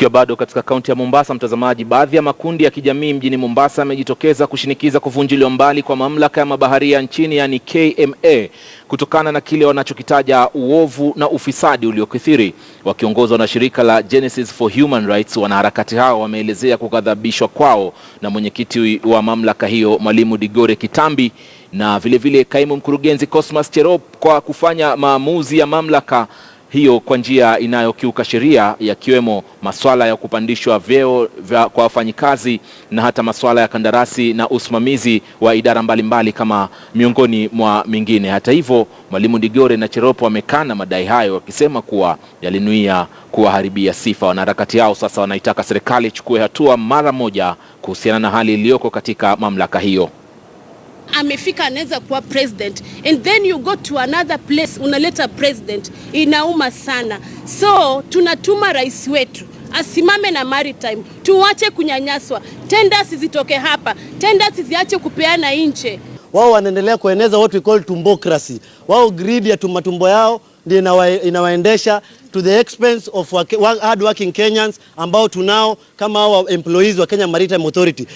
Tukiwa bado katika kaunti ya Mombasa, mtazamaji, baadhi ya makundi ya kijamii mjini Mombasa yamejitokeza kushinikiza kuvunjiliwa mbali kwa mamlaka ya mabaharia nchini yaani KMA kutokana na kile wanachokitaja uovu na ufisadi uliokithiri. Wakiongozwa na shirika la Genesis for Human Rights, wanaharakati hao wameelezea kughadhabishwa kwao na mwenyekiti wa mamlaka hiyo Mwalimu Digore Kitambi na vilevile vile kaimu mkurugenzi Cosmas Cherop kwa kufanya maamuzi ya mamlaka hiyo kwa njia inayokiuka sheria, yakiwemo masuala ya kupandishwa vyeo vya kwa wafanyikazi na hata masuala ya kandarasi na usimamizi wa idara mbalimbali mbali kama miongoni mwa mingine. Hata hivyo, Mwalimu Digore na Cheropo wamekana madai hayo, wakisema kuwa yalinuia kuwaharibia sifa. Wanaharakati hao sasa wanaitaka serikali ichukue hatua mara moja kuhusiana na hali iliyoko katika mamlaka hiyo amefika anaweza kuwa president and then you go to another place unaleta president, inauma sana. So tunatuma rais wetu asimame na maritime, tuache kunyanyaswa, tenders zitoke hapa, tenders ziache kupeana nje. Wao wanaendelea kueneza what we call tumbocracy. Wao greed ya tumatumbo yao ndio inawa, inawaendesha to the expense of hard working Kenyans ambao tunao kama hao employees wa Kenya Maritime Authority.